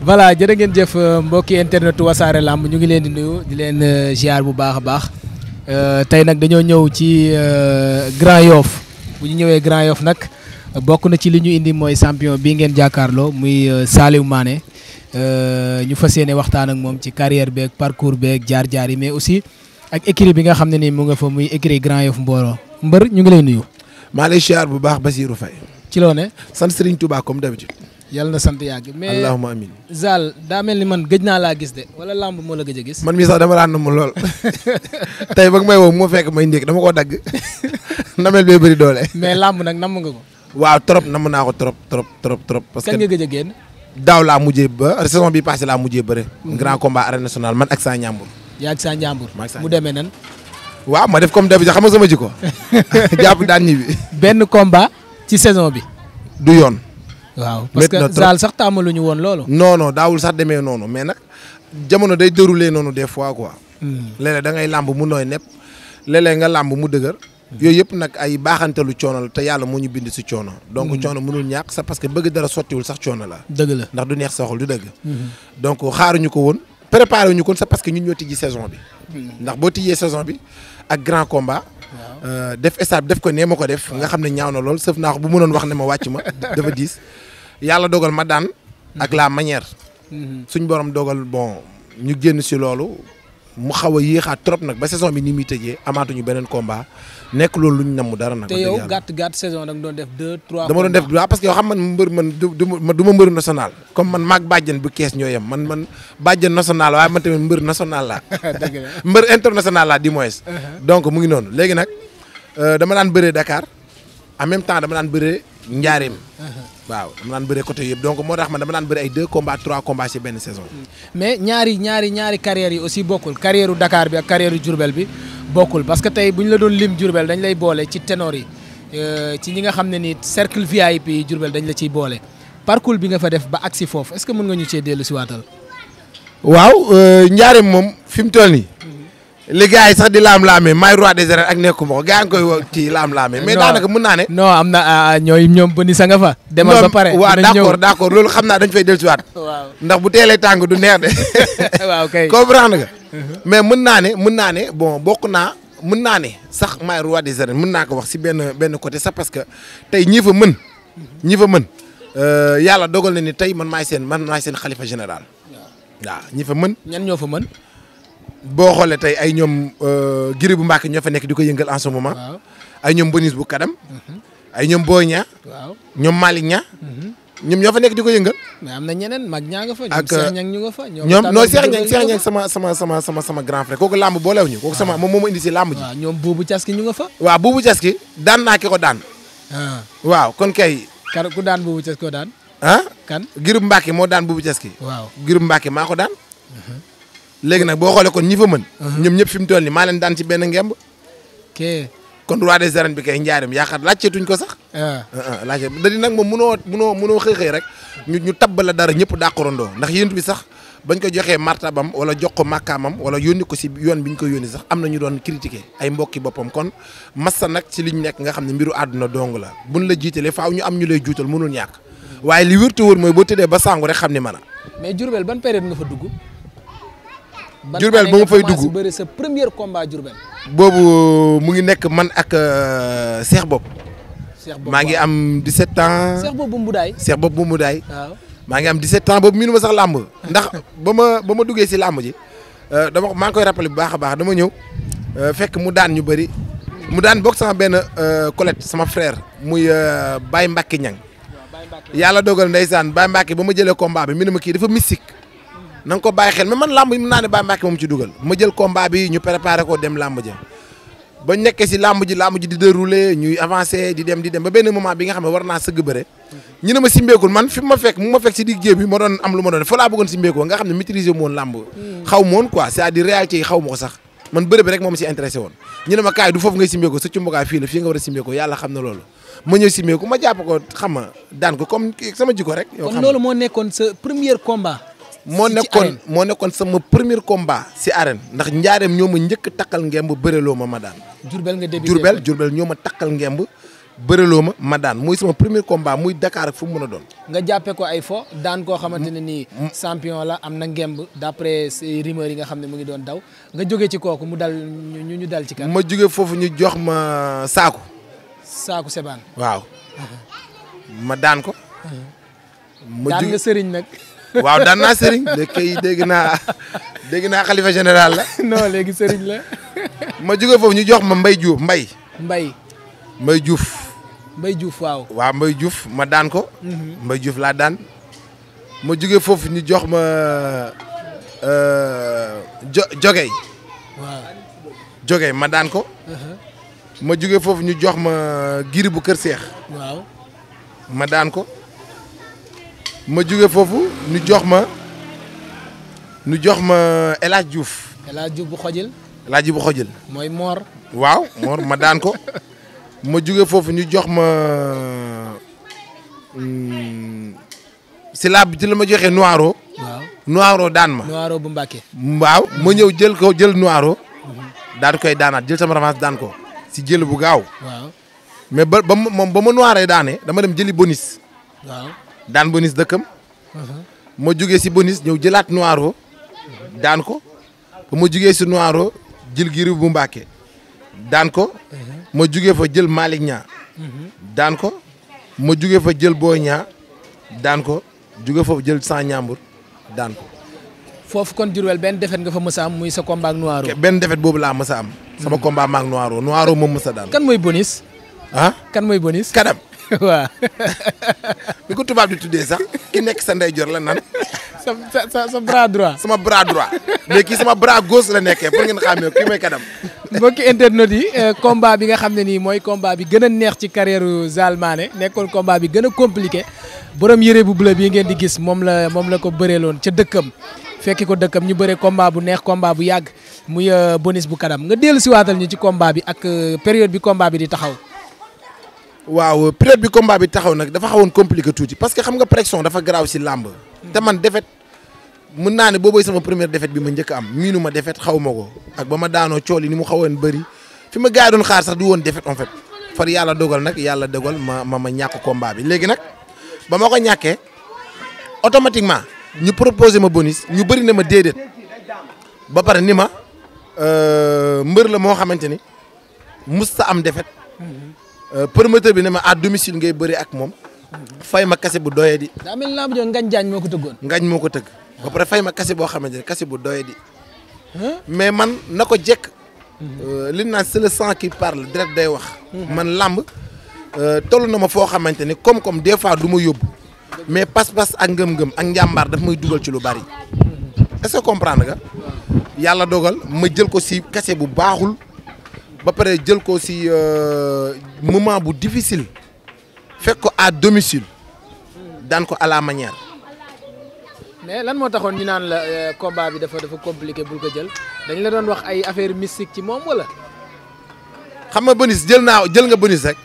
voilà jërë ngeen jëf euh, mbokki internet wasaare làmb ñu ngi leen di nuyu di leen euh, ziar bu baax a baax euh, tey nag dañoo ñëw ci Grand yoof bu ñu ñëwee Grand yoof nag bokk na ci li ñu indi mooy champion bi ngeen jàkkaarloo muy Saliou Mané ñu fas yéene waxtaan ak moom ci carrière beeg parcours beeg jaar-jaar yi mais aussi ak écurie bi nga xam ne nii mu nga fa muy écurie Grand Yoff Mboro mbër ñu ngi lay nuyu. maa lay ziar bu baax ba Basirou Faye. ci loo ne. sant Serigne comme d'habitude yàlla na sant yàgg mais allahuma amin Zal daa mel ni man gëj naa laa gis de wala lamb moo la gëj a gis man mi sax dama daan mu lool tey ba may woo moo fekk may ndékk dama koo dagg namel bee bëri doole mais lamb nag namm nga ko waaw trop namm naa ko trop trop trop trop parce que kan nga gëj a génn daaw laa mujjee ba saison bi passé laa mujjee bëre mhm. grand combat arène nationale man ak saa njàmbur yaa ak saa njàmbur mu demee nan waaw ma def comme d'habitude xam nga sama jikko jàpp daan ñibbi benn combat ci saison bi du yoon waaw parce que zaal sax tàmmaluñu woon loolu. non daawul sax demee noonu mais nag jamono day déroulé noonu des fois quoi. Hmm. léeg-léeg da ngay làmb mu nooy nepp léeg-léeg nga làmb mu dëgër. yooyu yëpp nag ay baaxantelu coono la te yàlla moo ñu bind si coono. donc hmm. coono mënul ñàkk sax parce que bëgg dara sottiwul sax coono la. dëgg la ndax du neex sa xol du dëgg. Hmm. donc xaaruñu ko woon. préparé ñu kon sax parce que ñu ñoo tijji saison bi. ndax boo tijjee saison bi ak grand combat. Euh, def stade def ko nee ma ko def. nga xam ne ñaaw na lool sëf naa ko bu mënoon wax ne ma wàcc ma dafa diis. yàlla dogal ma daan. Mhm. ak la manière. Mhm. suñ borom dogal bon ñu génn si loolu mu xaw a yéexaat trop nag ba saison bi ni muy tëjee amaatuñu beneen combat nekk loolu luñ namm dara nag. te yow gàtt gàtt saison da nga doon def deux trois. dama doo def waaw parce que yow xam man mbër man ma du ma mbër national comme man maag bàjjen bu kees ñoo yem man man bàjjen national waaye ma tamit mbër national laa. la mbër international laa du moins. Uh-huh. donc mu ngi noonu léegi nag euh, dama daan bëree Dakar même temps dama daan bëree. njaareem uh-huh. waaw dama daan bëre côté yëpp donc moo tax man dama daan bëri ay deux combats trois combats ci benn saison. Mm. mais ñaari ñaari ñaari carrières yi aussi bokkul carrière u Dakar bi ak carrière u bi bokkul parce que tey bu ñu la doon lim Diourbel dañ lay boole ci ténor yi euh, ci ñi nga xam ne nii cercle via yi Diourbel dañ la ciy boole parcours bi nga fa def ba agsi foofu est-ce que mën nga ñu cee dellu si waatal. waaw euh, njaareem moom fi mu toll nii. Mm. li gars yi sax di laam-laamee maay roi des arènes ak nekkuma ko gars yi nga koy woo ci laam-laamee. mais daanaka mën naa ne. am na ah, ah, ñooy ñoom bëni sa nga fa. demal ba pare waaw d' loolu xam naa dañ fay dellusiwaat. waaw ndax bu teelee tàng du neex de. waaw kay comprendre nga. Uh-huh. mais mën naa ne mën naa ne bon bokk naa mën naa ne sax maay roi des arènes mën naa ko wax si benn benn côté sax parce que tey ñi fa mën. ñi fa mën euh, yàlla dogal na ni tey man maay seen man maay seen xalifa général. waaw mën. ñan ñoo fa mën. boo xoolee tey ay ñoom euh, giri bu Mbàkke ñoo fa nekk di ko yëngal en ce moment. ay ñoom bonis bu kadam. Mhm. ay ñoom booy ñaa waaw ñoom Malick Niang. Mhm. ñoom ñoo fa nekk di ko yëngal. mais am na ñeneen mag ñaa nga fa. ak euh, ñu nga fa. ñoom non Cheikh Niang Cheikh Niang sama sama sama sama sama grand frère kooku làmb boolew ñu. kooku sama ah. moom moo ma indi si làmb ji. waaw ah, ñoom Boubou Diaski ñu nga fa. waaw Boubou Diaski daan naa ki ko daan. Ah. waaw kon kay. kar ku daan Boubou Diaski ko daan. ah kan Girib Mbacke moo daan Boubou Diaski. waaw Girib Mbacke maa ko daan. Mhm. léegi nag boo xoolee kon ñi fa mën. Uh-huh. ñoom ñëpp fi mu toll nii maa leen daan ci benn ngemb. kon roi des arènes bi kay njaaram yaakaar laajteetuñ ko sax. waaw ah. ah, ah, laajte da di nag moom munoo munoo munoo xëy xëy rek ñu ñu tabb la dara ñëpp dàqurandoo ndax yéen bi sax bañ ko joxee martabam wala jox ko màkkaamam wala yónni ko si yoon bi ñu ko yónni sax am na ñu doon critiquer ay mbokki boppam kon massa nag ci liñ nekk nga xam ne mbiru àdduna dong la buñ la jiitalee faaw ñu am ñu lay juutal mënul ñàkk waaye li wér te wóor mooy boo tëddee ba sàngu xam ni mën a mais Diourbel ban période nga fa dugg Diourbel ba ma fay dugg bëri sa premier combat Diourbel boobu euh, mu ngi nekk man ak euh, Cheikh Bob maa ngi am 17 ans Cheikh Bob bu Mbudaay Cheikh Bob bu Mbudaay waaw maa ngi am 17 ans boobu miinu ma sax làmb ndax ba ma ba ma duggee si làmb ji euh, dama maa ngi koy rappelé bu baax a baax dama ñëw fekk mu daan ñu bëri mu daan bokk sama benn collègue sama frère muy Baye Mbacke Niang yàlla dogal ndeysaan Baye Mbacke ba ma jëlee combat bi mi ma kii dafa mystique na nga ko bàyyi xel man làmb yi mën naa ne Baye Mbacke moom ci dugal ma jël combat bi ñu préparé ko dem làmb ja ba nekkee si làmb ji làmb ji di dérouler ñuy avancé di dem di dem ba benn moment bi nga xam ne war naa sëgg bëre ñu ne ma simbeekul man fi ma fekk am lu ma doon fa laa bëggoon simbeekoo nga xam ne maîtriser moon làmb ma ko man bëre bi rek moom si intéressé woon ñu ne ma kaay du foofu ngay simbeekoo sa cumbukaay fii la fii a simbeekoo yàlla xam na loolu ma simbeeku ma jàpp ko xam ma daan ko comme sama jikko rek yow kon loolu moo nekkoon sa premier combat moo nekkoon moo nekkoon sama premier combat si arène ndax njaareem ñoo ma njëkk takkal ngemb bëreloo ma ma daan. Jurbel nga débuté Jurbel Jurbel ñoo ma takkal ngemb bëreloo ma ma daan mooy sama premier combat muy dakaar ak fu mu mën a doon. nga jàppe ko ay fo daan koo xamante ne nii. champion la am na ngemb d'après rumeur yi nga xam ne mu ngi doon daw nga jóge ci kooku mu dal ñu ñu dal ci kan. ma jóge foofu ñu jox ma saako. saako sebaan waaw. ma daan ko. ma jóge waaw daan naa sëriñ dëkk yi dégg naa dégg naa xalifa général la. non léegi sëriñ la. ma juge foofu ñu jox ma mbay Diouf mbay Mbaye. Mbaye Diouf. Mbaye Diouf waaw. mbay Mbaye ma daan ko. Mhm. mbay Diouf laa daan. ma jóge foofu ñu jox ma euh, jo Jogey. waaw Jogey ma daan ko. Uh-huh. ma jóge foofu ñu jox ma giri bu Kër Seex. waaw ma daan ko. ma jóge foofu ñu jox ma nu jox ma El Hadj Diouf. El bu xojil. El Hadj bu xojil. mooy Mor. waaw Mor ma daan ko ma jóge foofu ñu jox ma hmm, si laab jël ci ma joxe Noiro. waaw Noiro daan ma. Noiro bu Mbàkke. waaw ma ñëw jël ko jël Noiro. Mhm. daal koy daanaat jël sama revanche daan ko si jël bu gaaw. waaw mais ba ba moom ba ma noiree daane dama dem jëli bonus. daan bonis dëkkam uh-huh. ma jugee si bonis ñëw jëlaat noiro daan ko ma jugee si noiro jël giri bu mbaake uh-huh. uh-huh. daan ko ma jugee fa jël Malick ñaa daan ko ma jugee fa jël booy ñaa daan ko jugee fa jël sans ñaambur daan ko foofu kon Diourbel benn defet nga fa mës a am muy sa combat ak Noiro benn defet boobu laa mës a am sama hmm. combat maak Noiro Noiro moom mës a daan kan mooy bonis ah waaw. bi ko tubaab di tuddee sax ki nekk sa ndeyjoor la nan. sa sa sa bras droit. sama bras droit mais kii sama bras gauche la nekkee pour ngeen xàmmee kii may kanam. mbokki internet yi euh, combat bi nga xam ne nii mooy combat bi gën a neex ci carrière Zalmané nekkoon combat bi gën a compliqué borom yëre bu bleu bii ngeen di gis moom la moom la ko bëreeloon ca dëkkam. fekki ko dëkkam ñu bëre combat bu neex combat bu yàgg mu euh, bonus bu kanam nga dellu si waatal ñu ci combat bi ak euh, période bi combat bi di taxaw. waaw période bi combat bi taxaw nag dafa xawoon compliqué tuuti parce que xam nga pression dafa garaaw si làmb te man defet mën naa ne boobooy sama première défaite bi ma njëkk am miinu ma défaite xaw ko ak ba ma daanoo cool yi ni mu xawoon bëri fi ma gars yi doon xaar sax du woon défaite en fait far yàlla dogal nag yàlla dogal ma ma ma ñàkk combat bi léegi nag ba ma ko ñàkkee automatiquement ñu proposé ma bonus ñu bëri na ma déedéet ba pare ni ma euh, mbër la moo xamante ni musta am défaite mm-hmm. Euh, promoteur bi ne ma à domicile ngay bëri ak moom fay ma kase bu doyee di. daa mel lamb ngañ jaañ moo ko tëggoon. ngañ moo ko tëgg. ba pare fay ma kase boo xamante ne kase bu doyee di. mais man na ko jekk. Mhm. Euh, li naan c'est le sang qui parle direct day wax. Mhm. man lamb euh, toll na ma foo xamante ni comme comme des fois du ma yóbbu. mais pas-pas ak ngëm-ngëm ak njàmbaar daf may dugal ci lu bari. Mhm. est-ce que yàlla dogal ma jël ko si kase bu baaxul. ba pare jël ko ci euh, moment bu difficile fekk ko à domicile daan ko à la manière. mais lan moo taxoon ñu naan la euh, combat bi dafa dafa compliqué bul ko jël dañ la doon wax ay affaire mystique ci moom wala. xam nga bonus jël naa jël nga bonus rek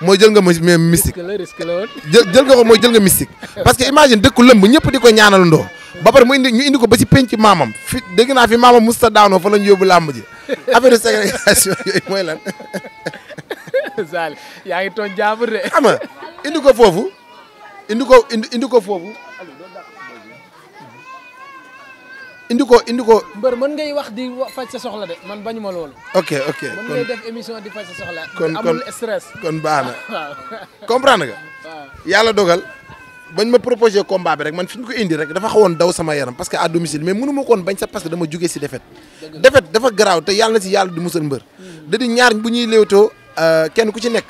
moo jël nga mystique. risque la risque la woon. jël jël nga ko mooy jël nga mystique. parce que imagine dëkku lëmb ñëpp di ko ñaanal ndoo ba pare mu indi ñu indi ko ba ci penc maamam fi dégg naa fi maamam musta daanoo fa lañ yóbbu làmb ji affaire ségrégation yooyu mooy lan. Sali yaa ngi toog jaabur de. xam indi ko foofu indi ko indi indi ko foofu. indi ko indi ko. mbër mën ngay wax di faj sa soxla de man bañu ma loolu. ok ok kon mën ngay def émission di faj soxla. kon kon amul stress. dogal. bañ ma proposé combat bi rek man fi ñu ko indi rek dafa xawoon daw sama yaram parce que à domicile mais mënu ma koon bañ sax parce que dama jógee si défaite défaite dafa garaaw te yàlla na si yàlla du musal mbër hmm. da di ñaar bu ñuy léewtoo euh, kenn ku ci nekk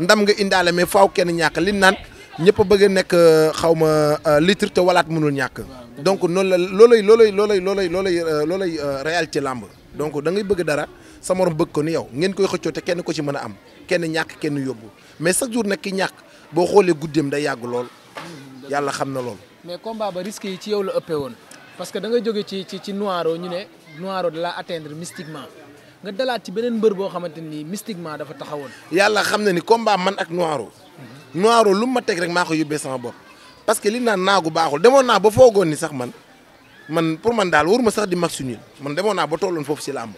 ndam nga indaale mais faaw kenn ñàkk li naan ñëpp a bëgg a euh, xaw ma euh, litre te mënul ñàkk donc noonu la loolay loolay loolay loolay loolay loolay réalité làmb donc da ngay bëgg dara sa morom yow ngeen koy xëccoo te kenn ko ci mën a am kenn ñàkk kenn yóbbu mais chaque jour nag ki ñàkk boo xoolee guddeem day yàgg lool yàlla xam na loolu. mais combat ba risque yi ci yow la ëppee woon parce que da nga jóge ci ci ci Noiro ñu ne Noiro da laa atteindre mystiquement nga dalaat ci beneen mbër boo xamante ni mystiquement dafa taxawoon. yàlla xam na ni combat man ak Noiro. Mhm. Noiro lu ma teg rek maa ko yóbbee sama bopp parce que li naan naagu baaxul demoon naa ba foogoon ni sax man man pour man daal waruma sax di mag suñu man demoon naa ba tolloon foofu si làmb.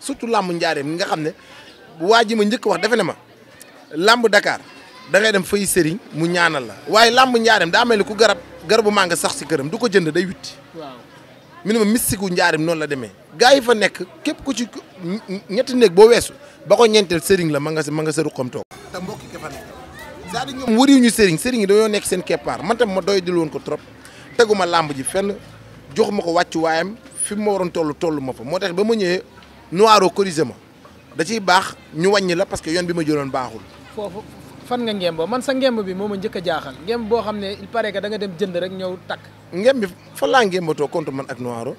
surtout làmb njaareem mi nga xam ne waa ji ma njëkk wax defe ne ma làmb Dakar. da ngay dem fay sëriñ mu ñaanal la waaye làmb njaareem daa mel ni ku garab garabu mànga sax si këram du ko jënd day witti. waaw minimum mystique gu njaareem noonu la demee. gars yi fa nekk képp ku ci ñetti néeg boo weesu ba ko ñeenteel sëriñ la ma nga sa ma nga sa ruqam toog. te mbokk yi fa nekk. c'est-à-dire dañoo nekk seen keppaar man tam ma doy dil woon ko trop teguma làmb ji fenn jox ma ko wàccu waayam fi ma waroon toll tollu ma fa moo tax ba ma ñëwee noiro corrigé ma da ciy baax ñu wàññi la parce que yoon bi ma jëloon baaxul. foofu fan nga ngemboo man sa ngemb bi moo ma njëkk a jaaxal ngemb boo xam ne il paraît que da nga dem jënd rek ñëw takk. ngemb bi fan laa ngembatoo contre man ak Noiro.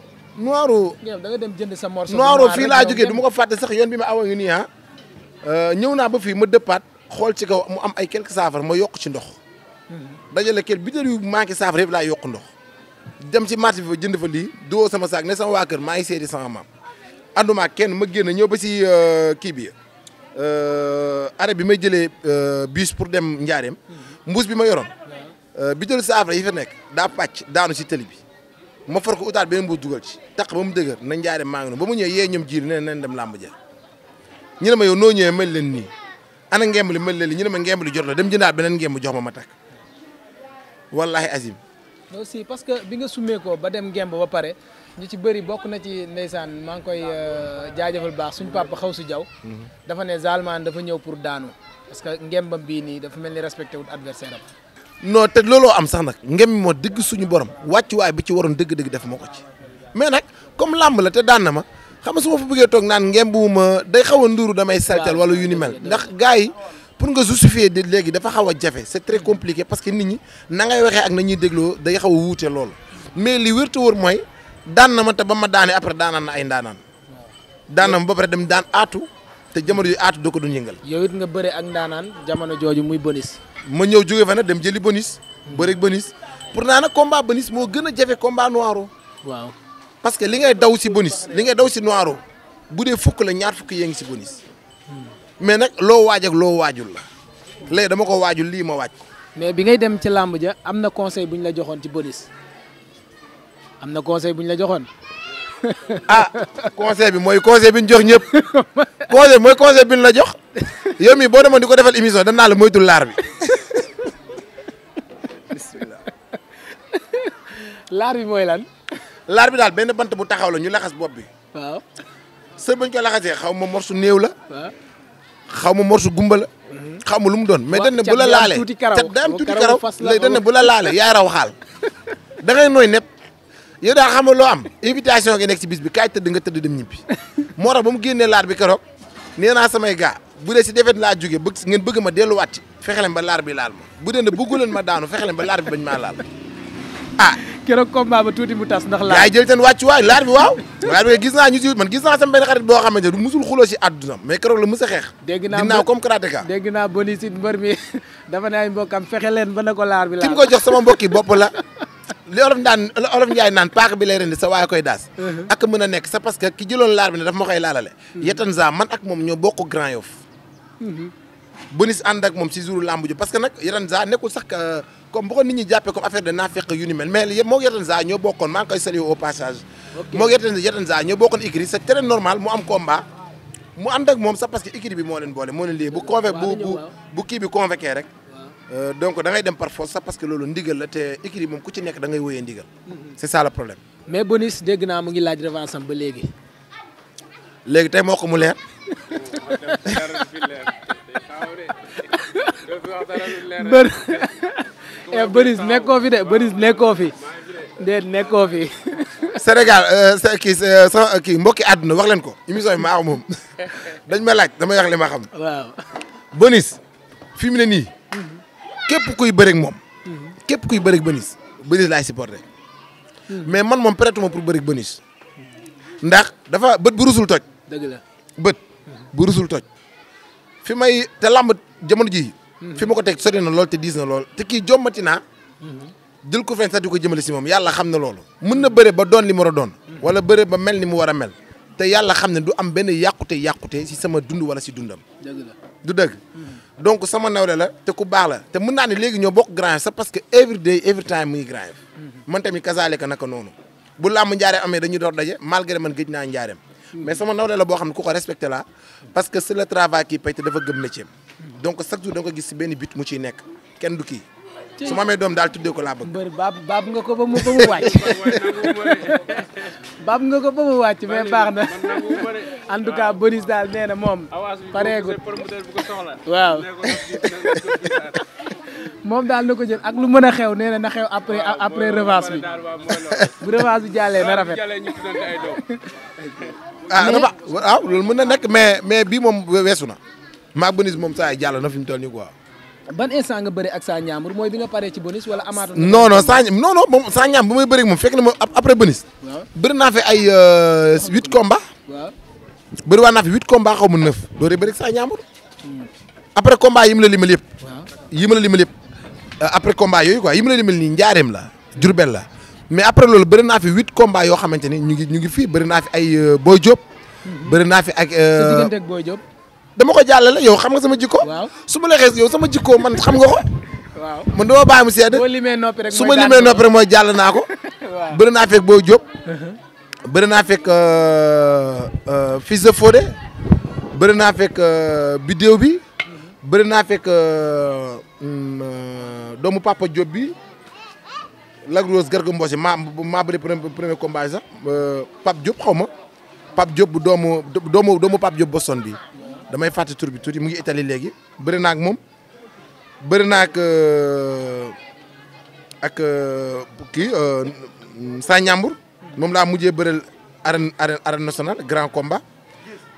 Noiro da nga dem jënd sa morceau. Noiro fii laa jógee du ma ko fàtte sax yoon bi ma awa ngi nii ah. Euh, ñëw naa ba fii ma dëppaat xool ci kaw mu am ay quelques saafara ma yokk ci ndox. Hmm. dajale kel bi yu manqué saafara yëpp laa yokk ndox. dem si marché bi fa jënd fa lii doo sama saak ne sama waa kër maa ngi seeti sama maam. ànduma kenn ma génn ñëw ba si euh, kii bi Euh, arrêt bi may jëlee euh, bus pour dem Njaareem mbuus bi ma yoroon euh, bitéelu saafara yi fa nekk daa pàcc daanu si tëli bi ma for ko utaat beneen mbuus dugal ci taq ba mu dëgër na Njaareem maa ngi noonu ba mu ñëwee yee ñoom jiir ne leen dem làmb ja ñu ne ma yow noo ñëwee mel leen nii ana ngemb li mel leen li ñu ne ma ngemb li jot la dem jëndaat beneen ngemb jox ma ma takk wallahi azim. aussi parce que bi nga summee ko ba dem ngemb ba pare. ñu ci bëri bokk na ci ndeysaan maa ngi koy euh, jaajëfal baax suñu papa xaw si jaw dafa ne Zalman dafa ñëw pour daanu parce que ngembam bii nii dafa mel ni respecté wut adversaire am. noo te looloo am sax nag ngem moo dëgg suñu borom wàccuwaay bi ci waroon dëgg-dëgg def ma ko ci mais nag comme làmb la te daan na ma xam nga su ma fa bëggee toog naan ngem bu ma day xaw a nduuru damay saltel wala yu ni mel ndax gars yi pour nga justifier di léegi dafa xaw a jafe c'est très compliqué parce que nit ñi na waxee ak na ñuy dégloo day xaw a loolu mais li wér te mooy daan na ma te ba ma daanee après daanaan na ay ndaanaan. daan ma ba pare dem daan aatu te jamono yu aatu doo ko doon yëngal. yow it nga bëre ak ndaanaan jamono jooju muy bonis. ma ñëw jóge fa nag dem jëli bonis. bëre ak bonis pour naa nag combat bonis moo gën a jafe combat noiro. waaw parce que li ngay daw si bonis li ngay daw si noiro bu dee fukk la ñaar fukk yee ngi si bonis. Hmm. mais nag loo waaj ak loo waajul la. léegi dama ko waajul lii ma waaj ko. mais bi ngay dem ci làmb ja am na conseil bu ñu la joxoon ci bonis. am na conseil bu ñu la joxoon. a ah, conseil bi mooy conseil bi ñu jox ñëpp conseil bi mooy conseil bi ñu la jox yow mii boo demoon di ko defal émission danaa la moytu laar bi. bi mooy lan. laar bi daal benn bant bu taxaw la ñu laxas bopp bi. waaw sër bañ koy laxasee xaw ma morsu néew la. waaw xaw ma morsu gumba la. Mhm. xaw ma lu mu doon mais dañ ne bu la laalee. cat daam tuuti karaw cat daam lay dañ ne bu la laalee yaay raw xaal da ngay nooy nepp. yow daal xam loo am invitation nga nekk ci bis bi kaay tëdd nga tëdd dem ñibbi moo ba mu génnee laar bi keroog nee naa samay gaa bu dee si defet laa jógee bëgg ngeen ma delluwaat ci fexe ba laar bi laal ma bu dee ne bëggu leen ma daanu fexe leen ba laar bi bañ maa laal ah keroog combat ba tuuti mu tas gis naa ñu man gis naa sama benn xarit boo xamante ne du musul xuloo si àdduna mais keroog la mës a xeex dégg naa ginnaaw comme karatéka dégg ne ko laal ki mu ko jox sama mbokki bopp la li olof daan olof Ndiaye naan paaka bi lay sa waaye koy daas. Mhm. ak mën nekk c'est parce que ki jëloon laar bi ne daf ma koy laalale. Mhm. Yatanza man ak moom ñoo bokk Grand Yoff. Mhm. bonis ànd ak moom si jouru lamb ji parce que nag Yatanza nekkul sax euh, comme bu ko nit ñi jàppee comme affaire de naafeq yu ni mel mais moo Yatanza ñoo maa ngi koy au passage. ok moo Yatanza ñoo bokkoon écurie c'est très normal mu am combat. mu ànd ak moom sax parce que écurie bi moo leen boole moo leen lii bu convoqué bi convoqué rek. Euh, donc da ngay dem par sa parce que loolu ndigal la te écurie moom ku ci nekk da ngay wóoyee ndigal. c'est ça le problème. mais Bonis dégg naa mu ngi laaj revanche am ba léegi. léegi tey moo ko mu leer. Eh, Bonis nekkoo fi de Bonis nekkoo fi déet nekkoo fi. Sénégal euh, kii euh, sa kii mbokki àdduna wax leen ko émission bi maa moom dañ ma laaj damay wax li ma xam. Bonis fi mu ne nii. képp kuy bëreeg moom. képp kuy bëreeg Benis Benis laay supporté. mais man moom prête ma pour bëreeg Benis. ndax dafa bët bu rusul toj. la bët bu rusul toj. fi may te làmb jamono jii. Mhm. fi ma ko teg sori na lool te diis na lool te kii jommati naa. Mhm. jël ko fen sax di ko jëmale si moom yàlla xam na loolu. mën na bëre ba doon li mu doon. Mhm. wala bëre ba mel ni mu war a mel. te yàlla xam ne du am benn yàqute yàqute si sama dund wala si dundam. dëgg du dëgg. donc sama nawle la te ku baax la te mën naa ne léegi ñoo bokk grand sax parce que every day every time muy grand mhm. man tamit kasaale ka naka noonu bu làmb njaareem amee dañuy door daje malgré man géej naa njaareem mhm. mais sama nawle la boo xam ne ko ko respecté la parce que c'est le travail qui paye te dafa gëm métier mhm. donc chaque jour da ko gis si benn but mu ciy nekk kenn du kii su ma doom daal tuddee ko laa bëgg. mbër baab baab nga ko ba mu ba mu wàcc. baab nga ko ba mu wàcc mais baax na. en tout cas Boris daal nee na moom. pareegul waaw. moom daal na ko jël ak lu mën a xew nee na na xew après après revanche bi bu revanche bi jàllee na rafet. ah waaw loolu mën na nekk mais mais bii moom weesu na. maag Boris moom saa yi na fi mu toll nii quoi. ban instant nga bëri ak saa ñaamur mooy bi nga paree ci bonus wala amaatu. non non saa moom saa ñaam bu may bëri moom fekk na ma après bonus. waaw naa fi ay euh, huit combats. waaw bëri waa naa fi huit combats xaw hmm. yi mu la limal yëpp. waaw yi mu la limal yëpp. Euh, après combat yooyu ko yi mu la limal nii njaareem la Jurbel la mais après loolu bëri naa fi huit combats yoo xamante ni ñu ngi ñu ngi fii bëri naa fi ay euh, Boy Diop. Hmm. bëri naa fi ak. sa diggante dama ko jàllale yow xam nga sama jikko. su ma la xees yow sama jikko man xam nga ko. waaw man dama bàyyi mu sedd. su ma limee noppi rek mooy jàll naa ko. waaw naa fekk boo Diop. bëri naa fekk uh-huh. euh, euh, fiis de Fodé. bëri naa fekk euh, bidéew bi. Uh-huh. bëri naa fekk mm, doomu papa Diop bi. Lac Rose Garga Mbossé maa maa bëri premier combat sax Pape Diop xaw ma Pape Diop bu doomu doomu doomu Pape Boston bi. damay fàtte tur bi tuuti mu ngi Italie léegi bëri naa moom bëri naa ak euh, ak euh, kii euh, saa ñàmbur moom laa mujjee bëreel arène arène arène nationale grand combat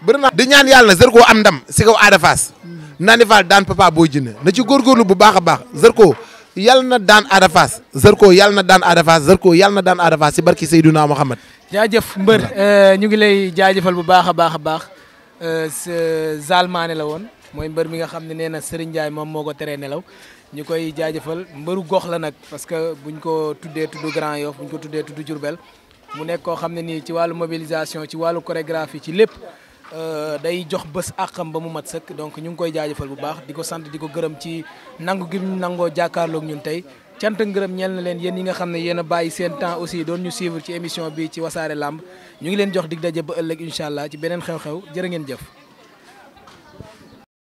bëri naa di ñaan yàlla na Zarko am ndam si kaw Ada Fass Nandi Fall daan Papa Boy Djiné na ci góorgóorlu bu baax a baax Zarko yàlla na daan Ada Fass Zarko yàlla na daan Ada Fass Zarko yàlla na daan Ada Fass si barki Seydouna Mohamed jaajëf mbër ñu ngi lay jaajëfal bu baax a baax a baax Euh, ne la woon mooy mbër mi nga xam ne nee na Serigne moom moo ko teree nelaw ñu koy jaajëfal mbëru gox la nag parce que buñ ko tuddee tudd Grand bu ñu ko tuddee tudd Diourbel mu nekk koo xam ne nii ci wàllu mobilisation ci wàllu chorégraphie ci lépp euh, day jox bés àqam ba mu mat sëkk donc ñu ngi koy jaajëfal bu baax di ko sant di ko gërëm ci nangu gi ñu nangoo jàkkaarloog ñun tey cant ngërëm ñeel na leen yéen yi nga xam ne yéen bàyyi seen temps aussi doon ñu suivre ci émission bi ci wasaare làmb ñu ngi leen jox dig daje ba ëllëg incha ci beneen xew-xew jërë ngeen jëf